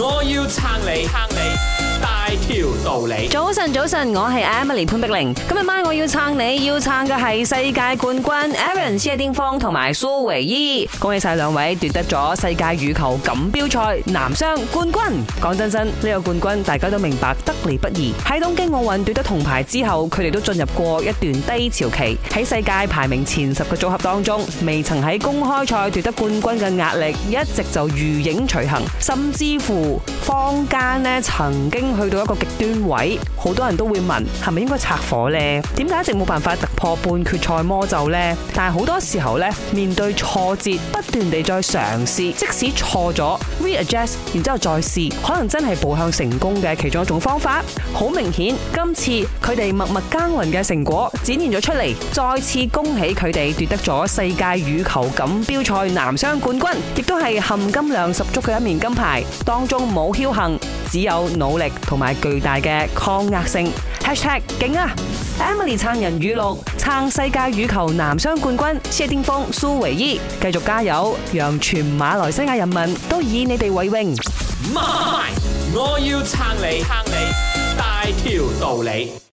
我要撐你，撐你大條道理。早晨，早晨，我係 Emily 潘碧玲。今日晚我要撐你，要撐嘅係世界冠軍 Aaron 謝定峰同埋蘇偉譯。恭喜晒兩位奪得咗世界羽球錦標賽男雙冠軍。講真真呢個冠軍大家都明白得嚟不易。喺東京奧運奪得銅牌之後，佢哋都進入過一段低潮期。喺世界排名前十嘅組合當中，未曾喺公開賽奪得冠軍嘅壓力一直就如影隨形，甚至乎。坊間呢曾經去到一個極端位，好多人都會問，係咪應該拆火呢？點解一直冇辦法突破半決賽魔咒呢？但係好多時候呢，面對挫折，不斷地再嘗試，即使錯咗，re-adjust，然之後再試，可能真係步向成功嘅其中一種方法。好明顯，今次佢哋默默耕耘嘅成果展現咗出嚟，再次恭喜佢哋奪得咗世界羽球錦標賽男雙冠軍，亦都係含金量十足嘅一面金牌當中。冇僥幸，只有努力同埋巨大嘅抗壓性。#hashtag 勁啊！Emily 撐人語錄，撐世界羽球男雙冠軍謝丁峰蘇維伊，繼續加油，讓全馬來西亞人民都以你哋為榮。m 我要撐你，撐你大條道理。